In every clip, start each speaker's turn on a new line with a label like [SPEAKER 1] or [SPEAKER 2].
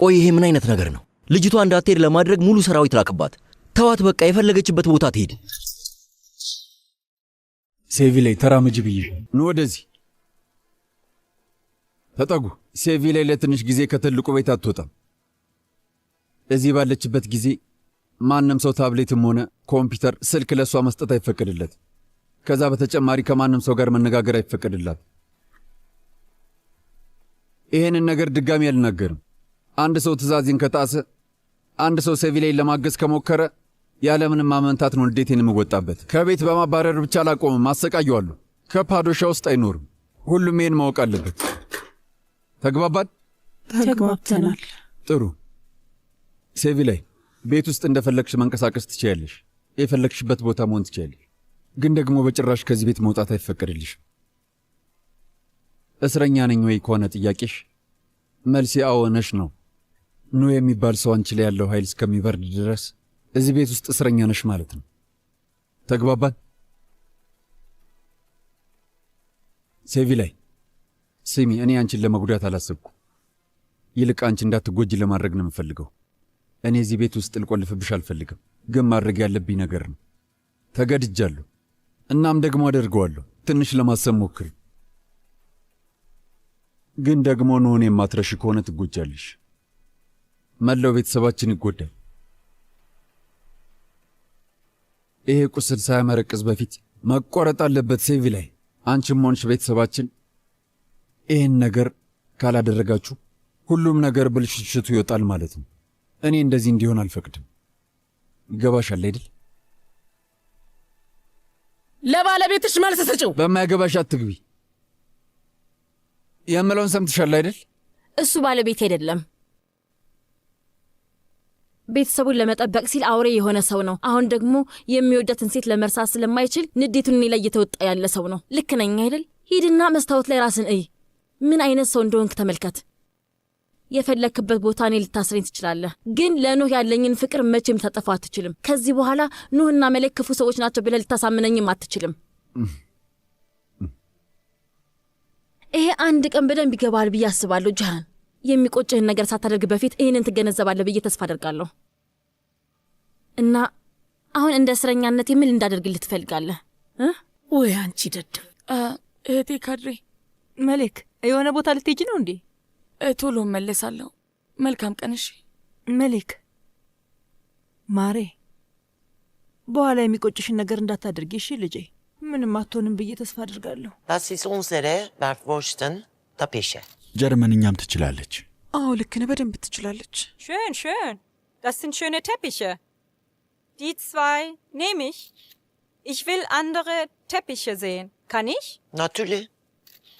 [SPEAKER 1] ቆይ ይሄ ምን አይነት ነገር ነው? ልጅቷ እንዳትሄድ ለማድረግ ሙሉ ሰራዊት ላክባት። ተዋት፣ በቃ የፈለገችበት ቦታ ትሄድ።
[SPEAKER 2] ሴቪሌ ተራምጅ ብዬ
[SPEAKER 3] ኑ፣ ወደዚህ ተጠጉ። ሴቪሌ ለትንሽ ጊዜ ከትልቁ ቤት አትወጣም። እዚህ ባለችበት ጊዜ ማንም ሰው ታብሌትም ሆነ ኮምፒውተር፣ ስልክ ለእሷ መስጠት አይፈቅድለት። ከዛ በተጨማሪ ከማንም ሰው ጋር መነጋገር አይፈቀድላት። ይህንን ነገር ድጋሚ አልናገርም። አንድ ሰው ትእዛዜን ከጣሰ፣ አንድ ሰው ሴቪላይን ለማገዝ ከሞከረ ያለምንም ማመንታት ነው እንዴቴን የምወጣበት። ከቤት በማባረር ብቻ አላቆምም፣ አሰቃየዋለሁ። ከፓዶሻ ውስጥ አይኖርም። ሁሉም ይህን ማወቅ አለበት። ተግባባል?
[SPEAKER 4] ተግባብተናል።
[SPEAKER 3] ጥሩ። ሴቪላይ፣ ቤት ውስጥ እንደፈለግሽ መንቀሳቀስ ትችያለሽ። የፈለግሽበት ቦታ መሆን ትችያለሽ። ግን ደግሞ በጭራሽ ከዚህ ቤት መውጣት አይፈቀድልሽም። እስረኛ ነኝ ወይ ከሆነ ጥያቄሽ መልሴ አዎነሽ ነሽ ነው። ኑ የሚባል ሰው አንቺ ላይ ያለው ኃይል እስከሚበርድ ድረስ እዚህ ቤት ውስጥ እስረኛ ነሽ ማለት ነው። ተግባባን? ሴቪ ላይ ስሚ፣ እኔ አንቺን ለመጉዳት አላሰብኩ። ይልቅ አንቺ እንዳትጎጅ ለማድረግ ነው የምፈልገው። እኔ እዚህ ቤት ውስጥ ልቆልፍብሽ አልፈልግም፣ ግን ማድረግ ያለብኝ ነገር ነው። ተገድጃለሁ፣ እናም ደግሞ አደርገዋለሁ። ትንሽ ለማሰብ ሞክሪ። ግን ደግሞ ኖሆን የማትረሽ ከሆነ ትጎጃለሽ። መላው ቤተሰባችን ይጎዳል። ይሄ ቁስል ሳያመረቅዝ በፊት መቆረጥ አለበት። ሴቪ ላይ አንቺም ሆንሽ ቤተሰባችን ይህን ነገር ካላደረጋችሁ ሁሉም ነገር ብልሽሽቱ ይወጣል ማለት ነው። እኔ እንደዚህ እንዲሆን አልፈቅድም። ይገባሻል አይደል?
[SPEAKER 5] ለባለቤትሽ መልስ ስጭው።
[SPEAKER 3] በማይገባሽ አትግቢ። የምለውን ሰምትሻል አይደል?
[SPEAKER 5] እሱ ባለቤት አይደለም። ቤተሰቡን ለመጠበቅ ሲል አውሬ የሆነ ሰው ነው። አሁን ደግሞ የሚወዳትን ሴት ለመርሳት ስለማይችል ንዴቱን እኔ ላይ እየተወጣ ያለ ሰው ነው። ልክ ነኝ አይደል? ሂድና መስታወት ላይ ራስን እይ። ምን አይነት ሰው እንደሆንክ ተመልከት። የፈለክበት ቦታ እኔ ልታስረኝ ትችላለህ፣ ግን ለኖህ ያለኝን ፍቅር መቼም ታጠፋ አትችልም። ከዚህ በኋላ ኖህና መለክ ክፉ ሰዎች ናቸው ብለህ ልታሳምነኝም አትችልም። ይሄ አንድ ቀን በደንብ ይገባል ብዬ አስባለሁ። ጃን፣ የሚቆጭህን ነገር ሳታደርግ በፊት ይህንን ትገነዘባለህ ብዬ ተስፋ አደርጋለሁ። እና አሁን እንደ እስረኛነት የምል እንዳደርግልህ ትፈልጋለህ? ወይ አንቺ ደድም እህቴ ካድሬ መሌክ፣ የሆነ ቦታ ልትሄጂ ነው እንዴ?
[SPEAKER 6] ቶሎ መለሳለሁ። መልካም ቀን። እሺ
[SPEAKER 5] መሌክ። ማሬ፣ በኋላ የሚቆጭሽን ነገር እንዳታደርጊ እሺ ልጄ። ምንም አትሆንም ብዬ ተስፋ አድርጋለሁ።
[SPEAKER 7] ላሲስ ኡንዘሬ በርፎሽትን ተፔሸ
[SPEAKER 3] ጀርመንኛም ትችላለች።
[SPEAKER 5] አዎ ልክ ነህ፣ በደንብ ትችላለች።
[SPEAKER 8] ሽን ሽን das sind schöne Teppiche. Die zwei nehme ich. Ich will andere Teppiche sehen. Kann ich? Natürlich.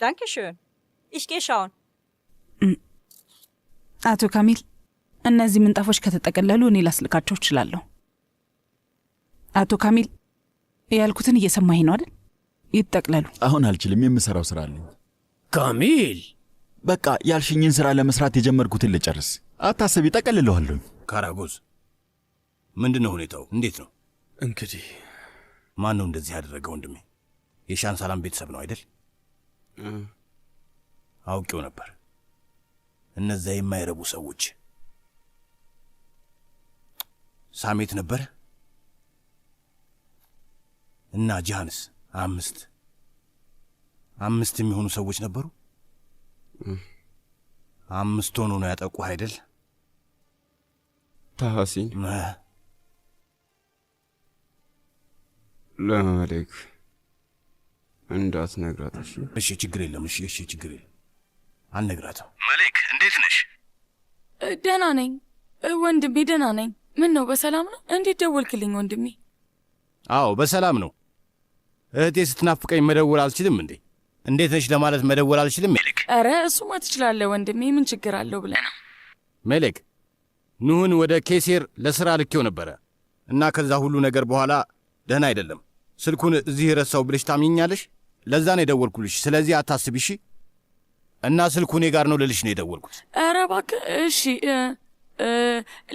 [SPEAKER 8] Dankeschön. Ich gehe schauen.
[SPEAKER 5] አቶ ካሚል እነዚህ ምንጣፎች ከተጠቀለሉ እኔ ላስልካቸው እችላለሁ። አቶ ካሚል ያልኩትን እየሰማኝ ነው አይደል? ይጠቅለሉ።
[SPEAKER 3] አሁን አልችልም፣ የምሰራው ስራ አለኝ።
[SPEAKER 9] ካሚል፣
[SPEAKER 3] በቃ ያልሽኝን ስራ ለመስራት የጀመርኩትን ልጨርስ። አታስቢ፣ ጠቀልለዋለሁ።
[SPEAKER 9] ካራጎዝ፣ ምንድን ነው ሁኔታው? እንዴት ነው እንግዲህ? ማን ነው እንደዚህ ያደረገ? ወንድሜ፣ የሻን ሳላም ቤተሰብ ነው አይደል? አውቄው ነበር። እነዚያ የማይረቡ ሰዎች ሳሜት ነበር እና ጃንስ አምስት አምስት የሚሆኑ ሰዎች ነበሩ። አምስት ሆኖ ነው ያጠቁ አይደል?
[SPEAKER 10] ታሐሲን ለመመሌክ እንዳትነግራት።
[SPEAKER 9] እሺ፣ ችግር የለም። እሺ፣ እሺ፣ ችግር የለም። አልነግራትም።
[SPEAKER 11] መሌክ፣ እንዴት ነሽ?
[SPEAKER 6] ደህና ነኝ ወንድሜ፣ ደህና ነኝ። ምን ነው በሰላም ነው? እንዴት ደወልክልኝ ወንድሜ?
[SPEAKER 9] አዎ፣ በሰላም ነው። እህቴ ስትናፍቀኝ መደወል አልችልም እንዴ? እንዴት ነሽ ለማለት መደወል አልችልም?
[SPEAKER 11] ሜሌክ፣
[SPEAKER 6] ኧረ እሱማ ትችላለህ ወንድሜ፣ ምን ችግር አለው ብለህ ነው?
[SPEAKER 9] ሜሌክ፣ ኑህን ወደ ኬሴር ለሥራ ልኬው ነበረ እና ከዛ ሁሉ ነገር በኋላ ደህና አይደለም። ስልኩን እዚህ ረሳው ብለሽ ታምኝኛለሽ? ለዛ ነው የደወልኩልሽ። ስለዚህ አታስቢ እሺ። እና ስልኩ እኔ ጋር ነው ልልሽ ነው የደወልኩት።
[SPEAKER 6] ኧረ እባክህ። እሺ፣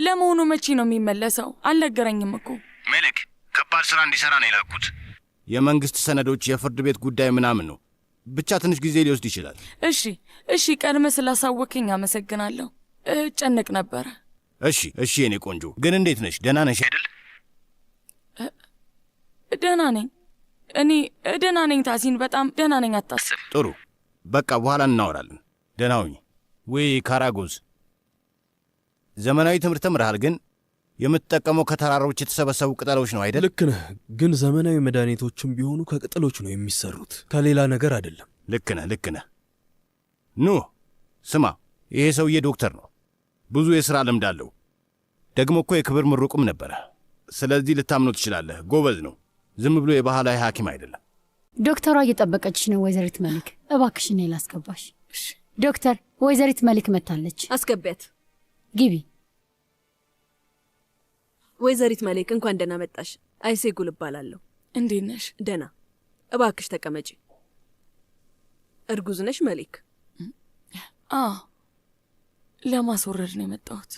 [SPEAKER 6] ለመሆኑ መቼ ነው የሚመለሰው? አልነገረኝም እኮ
[SPEAKER 11] ሜሌክ። ከባድ ሥራ እንዲሠራ ነው የላኩት
[SPEAKER 9] የመንግስት ሰነዶች፣ የፍርድ ቤት ጉዳይ ምናምን ነው። ብቻ ትንሽ ጊዜ ሊወስድ ይችላል።
[SPEAKER 6] እሺ እሺ፣ ቀድመ ስላሳወቅኝ አመሰግናለሁ። ጨንቅ ነበረ።
[SPEAKER 9] እሺ እሺ፣ የኔ ቆንጆ ግን እንዴት ነሽ? ደህና ነሽ አይደል?
[SPEAKER 6] ደህና ነኝ እኔ ደህና ነኝ ታሲን፣ በጣም ደህና ነኝ፣ አታስብ።
[SPEAKER 9] ጥሩ በቃ በኋላ እናወራለን። ደህና ሁኝ። ወይ ካራጎዝ ዘመናዊ ትምህርት ተምረሃል ግን የምትጠቀመው ከተራሮች የተሰበሰቡ ቅጠሎች ነው
[SPEAKER 3] አይደል? ልክ ነህ። ግን ዘመናዊ መድኃኒቶችም ቢሆኑ ከቅጠሎች ነው የሚሰሩት ከሌላ ነገር አይደለም።
[SPEAKER 9] ልክ ነህ፣ ልክ ነህ። ኑ ስማ፣ ይሄ ሰውዬ ዶክተር ነው። ብዙ የሥራ ልምድ አለው። ደግሞ እኮ የክብር ምሩቅም ነበረ። ስለዚህ ልታምኖ ትችላለህ። ጎበዝ ነው። ዝም ብሎ የባህላዊ ሐኪም አይደለም።
[SPEAKER 5] ዶክተሯ እየጠበቀችሽ ነው። ወይዘሪት መልክ እባክሽን ላስገባሽ። ዶክተር፣ ወይዘሪት መልክ መታለች። አስገቢያት። ግቢ
[SPEAKER 6] ወይዘሪት መሌክ እንኳን ደህና መጣሽ። አይሴጉል እባላለሁ። እንዴት ነሽ? ደህና። እባክሽ ተቀመጪ። እርጉዝ ነሽ መሌክ? አ ለማስወረድ ነው የመጣሁት።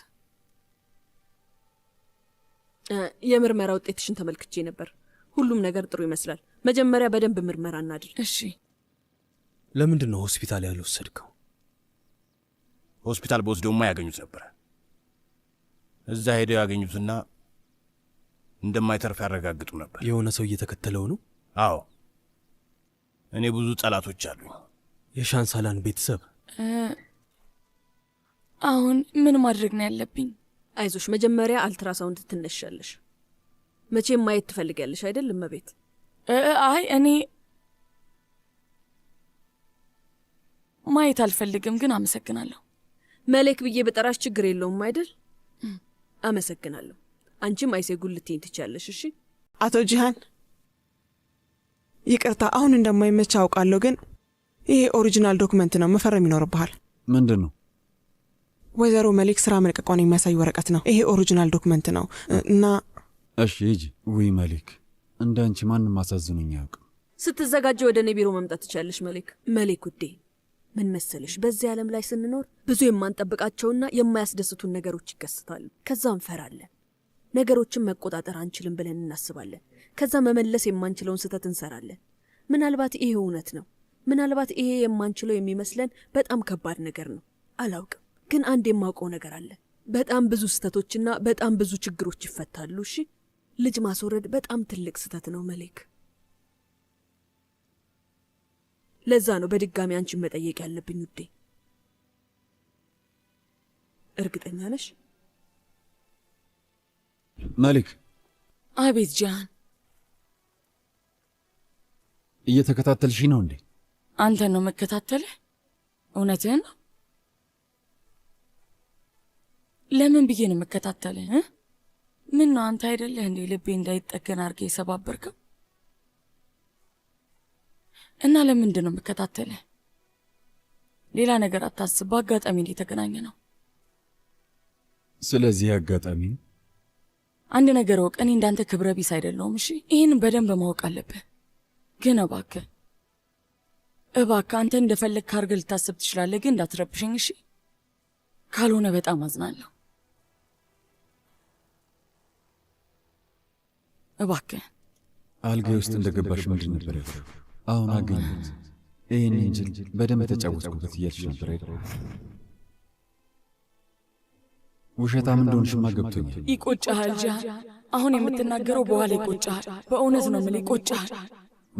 [SPEAKER 5] የምርመራ ውጤትሽን ተመልክቼ ነበር። ሁሉም ነገር ጥሩ ይመስላል። መጀመሪያ በደንብ ምርመራ እናድርግ።
[SPEAKER 6] እሺ።
[SPEAKER 3] ለምንድን ነው ሆስፒታል ያልወሰድከው?
[SPEAKER 9] ሆስፒታል በወስደውማ ያገኙት ነበረ። እዛ ሄደው ያገኙትና እንደማይተርፍ ያረጋግጡ
[SPEAKER 3] ነበር። የሆነ ሰው እየተከተለው ነው።
[SPEAKER 9] አዎ፣ እኔ ብዙ ጠላቶች አሉኝ።
[SPEAKER 3] የሻንሳላን ቤተሰብ
[SPEAKER 6] አሁን ምን ማድረግ ነው ያለብኝ?
[SPEAKER 5] አይዞሽ፣ መጀመሪያ አልትራሳውንድ ትነሻለሽ። መቼም ማየት ትፈልጊያለሽ አይደል? እመቤት።
[SPEAKER 6] አይ እኔ ማየት አልፈልግም፣ ግን አመሰግናለሁ።
[SPEAKER 5] መሌክ ብዬ በጠራሽ ችግር የለውም አይደል? አመሰግናለሁ። አንቺም ማይሴ ጉልቴን ትቻለሽ። እሺ
[SPEAKER 12] አቶ ጂሃን፣ ይቅርታ አሁን እንደማይመች አውቃለሁ፣ ግን ይሄ ኦሪጂናል ዶክመንት ነው፣ መፈረም ይኖርብሃል። ምንድን ነው? ወይዘሮ መሊክ ስራ መልቀቋን የሚያሳይ ወረቀት ነው። ይሄ ኦሪጂናል ዶክመንት ነው እና
[SPEAKER 3] እሺ ሂጂ። ውይ መሊክ፣ እንደ አንቺ ማንም አሳዝኑኝ አያውቅም።
[SPEAKER 5] ስትዘጋጀ ወደ እኔ ቢሮ መምጣት ትቻለሽ። መሊክ። መሊክ ውዴ ምን መሰለሽ፣ በዚህ ዓለም ላይ ስንኖር ብዙ የማንጠብቃቸውና የማያስደስቱን ነገሮች ይከሰታሉ። ከዛ እንፈራለን። ነገሮችን መቆጣጠር አንችልም ብለን እናስባለን። ከዛ መመለስ የማንችለውን ስህተት እንሰራለን። ምናልባት ይሄ እውነት ነው። ምናልባት ይሄ የማንችለው የሚመስለን በጣም ከባድ ነገር ነው። አላውቅም፣ ግን አንድ የማውቀው ነገር አለ። በጣም ብዙ ስህተቶችና በጣም ብዙ ችግሮች ይፈታሉ። እሺ፣ ልጅ ማስወረድ በጣም ትልቅ ስህተት ነው መሌክ። ለዛ ነው በድጋሚ አንቺን መጠየቅ ያለብኝ ውዴ። እርግጠኛ ነሽ?
[SPEAKER 3] መሊክ።
[SPEAKER 6] አቤት ጃን።
[SPEAKER 3] እየተከታተልሽ ነው እንዴ?
[SPEAKER 6] አንተን ነው መከታተልህ? እውነትህን ነው። ለምን ብዬ ነው የምከታተልህ? ምን ነው አንተ አይደለህ እንዴ ልቤ እንዳይጠገን አድርገህ የሰባበርከው? እና ለምንድን ነው የምከታተልህ? ሌላ ነገር አታስብ። በአጋጣሚ እንዴ የተገናኘ ነው።
[SPEAKER 3] ስለዚህ አጋጣሚ
[SPEAKER 6] አንድ ነገር ወቅ፣ እኔ እንዳንተ ክብረ ቢስ አይደለሁም። እሺ ይህን በደንብ ማወቅ አለብህ። ግን እባክህ እባክህ አንተ እንደፈለግ ካርገ ልታስብ ትችላለህ፣ ግን እንዳትረብሽኝ እሺ። ካልሆነ በጣም አዝናለሁ። እባክህ
[SPEAKER 3] አልጋዬ ውስጥ እንደገባሽ ምንድን ነበር ያልኩሽ? አሁን አገኘት። ይህን እንጂ በደንብ ተጫወትኩበት እያልሽ ነበር አይደል? ውሸታም እንደሆንሽማ ገብቶኛል።
[SPEAKER 6] ይቆጫሃል ጃ፣ አሁን የምትናገረው በኋላ ይቆጫሃል። በእውነት ነው የምልህ ይቆጫሃል።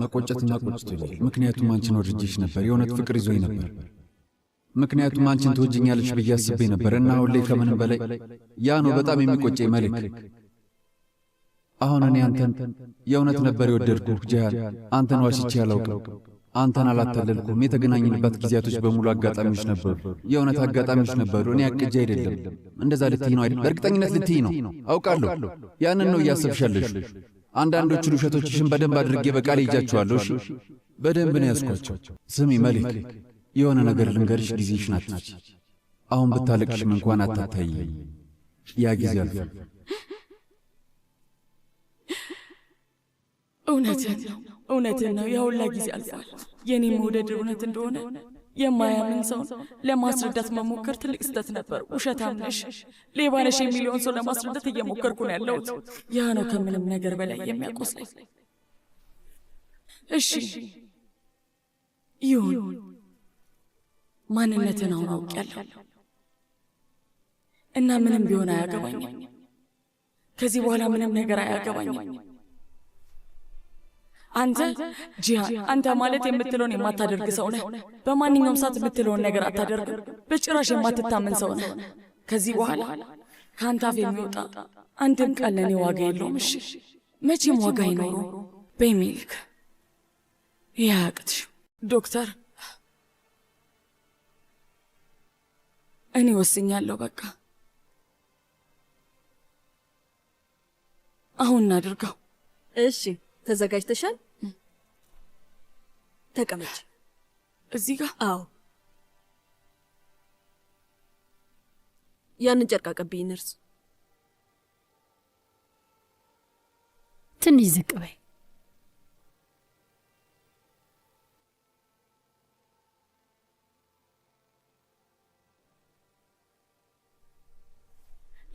[SPEAKER 3] መቆጨትና ቆጭቶኛል። ምክንያቱም አንቺን ወድጄሽ ነበር፣ የእውነት ፍቅር ይዞኝ ነበር። ምክንያቱም አንቺን ትወጅኛለች ብዬ አስቤ ነበር እና አሁን ላይ ከምንም በላይ ያ ነው በጣም የሚቆጨኝ መልክ አሁን እኔ አንተን የእውነት ነበር የወደድኩ ጃል፣ አንተን ዋሽቼ አላውቅም። አንተን አላታለልኩም። የተገናኝንበት ጊዜያቶች በሙሉ አጋጣሚዎች ነበሩ፣ የእውነት አጋጣሚዎች ነበሩ። እኔ አቅጄ አይደለም። እንደዛ ልትይ ነው አይደለም? በእርግጠኝነት ልትይ ነው አውቃለሁ። ያንን ነው እያሰብሻለሽ። አንዳንዶቹን ውሸቶችሽን በደንብ አድርጌ በቃል ይጃችኋለሁ። እሺ፣ በደንብ ነው ያስኳቸው። ስሚ መሊክ፣ የሆነ ነገር ልንገርሽ። ጊዜሽ ናት። አሁን ብታለቅሽም እንኳን አታታይ። ያ ጊዜ አልፏል።
[SPEAKER 6] እውነት ነው እውነትን ነው። የሁላ ጊዜ አልፏል። የኔ መውደድ እውነት እንደሆነ የማያምን ሰውን ለማስረዳት መሞከር ትልቅ ስህተት ነበር። ውሸታም ነሽ፣ ሌባ ነሽ የሚለውን ሰው ለማስረዳት እየሞከርኩ ነው ያለሁት። ያ ነው ከምንም ነገር በላይ የሚያቆስለኝ። እሺ ይሁን፣ ማንነትን አሁን አውቄያለሁ እና ምንም ቢሆን አያገባኝም። ከዚህ በኋላ ምንም ነገር አያገባኝም። አንተ ጂሃን፣ አንተ ማለት የምትለውን የማታደርግ ሰው ነህ። በማንኛውም ሰዓት የምትለውን ነገር አታደርግም። በጭራሽ የማትታመን ሰው ነህ። ከዚህ በኋላ ከአንተ አፍ የሚወጣ አንድም ቃል ለእኔ ዋጋ የለውም። እሺ፣ መቼም ዋጋ አይኖረው። በይ ሜሊክ፣ ይህ ዶክተር፣ እኔ ወስኛለሁ። በቃ አሁን እናድርገው።
[SPEAKER 5] እሺ ተዘጋጅተሻል? ተቀመጭ።
[SPEAKER 6] እዚህ ጋር? አዎ።
[SPEAKER 5] ያንን ጨርቅ አቀብኝ። ነርስ፣ ትንሽ ዝቅ በይ።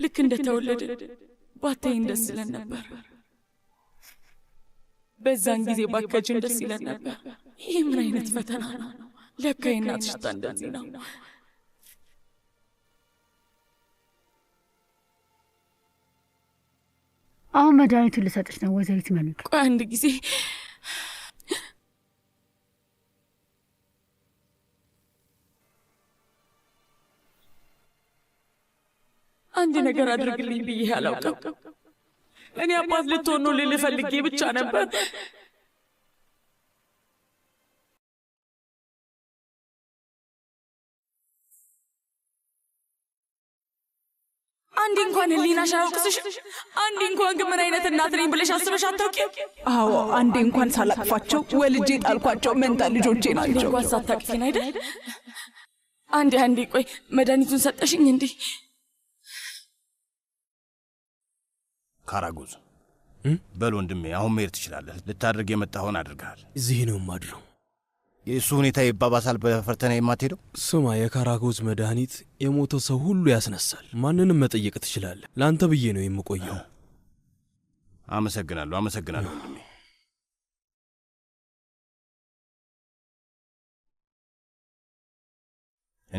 [SPEAKER 6] ልክ እንደተወለደ ባታይን ደስ ይለን ነበር። በዛን ጊዜ ባከችን ደስ ይለን ነበር። ይህ ምን አይነት ፈተና ነው? ለካ የእናት ሽታ እንደዚህ ነው።
[SPEAKER 5] አሁን መድኃኒቱን ልሰጥሽ ነው ወይዘሪት መኑቅ።
[SPEAKER 6] ቆይ አንድ ጊዜ አንድ ነገር አድርግልኝ ብዬ አላውቅም እኔ አባት ልትሆን ነው ልልህ ፈልጌ ብቻ ነበር። አንድ እንኳን ህሊናሽ አያውቅስሽ። አንድ እንኳን ግን ምን አይነት እናት ነኝ ብለሽ አስበሽ አታውቂም። አዎ አንዴ እንኳን ሳላቅፋቸው ወልጄ ጣልኳቸው። መንታ ልጆቼ ናቸው። እንኳን ሳታቅፊን አይደል? አንዴ አንዴ ቆይ መድኃኒቱን ሰጠሽኝ እንዲህ
[SPEAKER 9] ካራጉዝ በል ወንድሜ፣ አሁን መሄድ ትችላለህ። ልታደርግ የመጣኸውን አድርገሃል።
[SPEAKER 3] እዚህ ነው የማድረው።
[SPEAKER 9] የእሱ ሁኔታ ይባባሳል። በፈርተና የማትሄደው
[SPEAKER 3] ስማ፣ የካራጎዝ መድኃኒት የሞተ ሰው ሁሉ ያስነሳል። ማንንም መጠየቅ ትችላለህ። ለአንተ ብዬ ነው የምቆየው።
[SPEAKER 9] አመሰግናለሁ፣ አመሰግናለሁ ወንድሜ።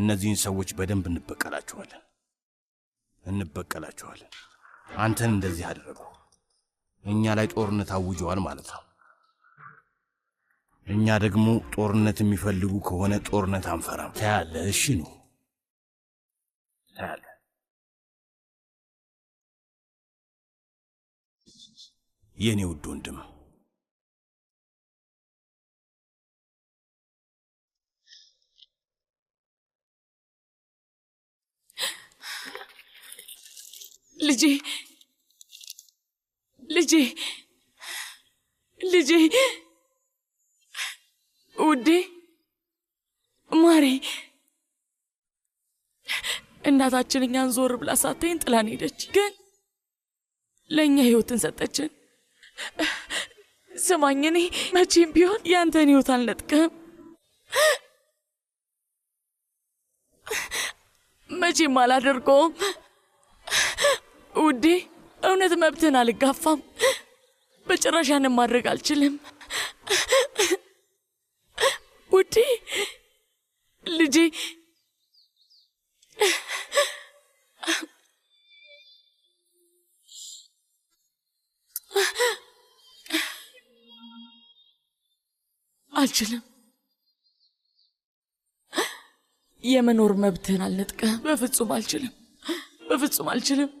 [SPEAKER 9] እነዚህን ሰዎች በደንብ እንበቀላቸዋለን፣ እንበቀላቸዋለን። አንተን እንደዚህ አደረጉ። እኛ ላይ ጦርነት አውጀዋል ማለት ነው። እኛ ደግሞ ጦርነት የሚፈልጉ ከሆነ ጦርነት አንፈራም። ታያለ። እሺ ነው ታያለ። የእኔ ውድ ወንድም
[SPEAKER 6] ልጄ ልጄ ልጄ ውዴ ማሬ እናታችን እኛን ዞር ብላ ሳታይን ጥላን ሄደች፣ ግን ለእኛ ህይወትን ሰጠችን። ስማኝ፣ እኔ መቼም ቢሆን ያንተን ህይወት አልነጥቅህም። መቼም አላደርገውም። ውዴ፣ እውነት መብትን አልጋፋም። በጭራሽ ያንን ማድረግ አልችልም ውዴ። ልጄ አልችልም። የመኖር መብትህን አልነጥቀህም። በፍጹም አልችልም፣ በፍጹም አልችልም።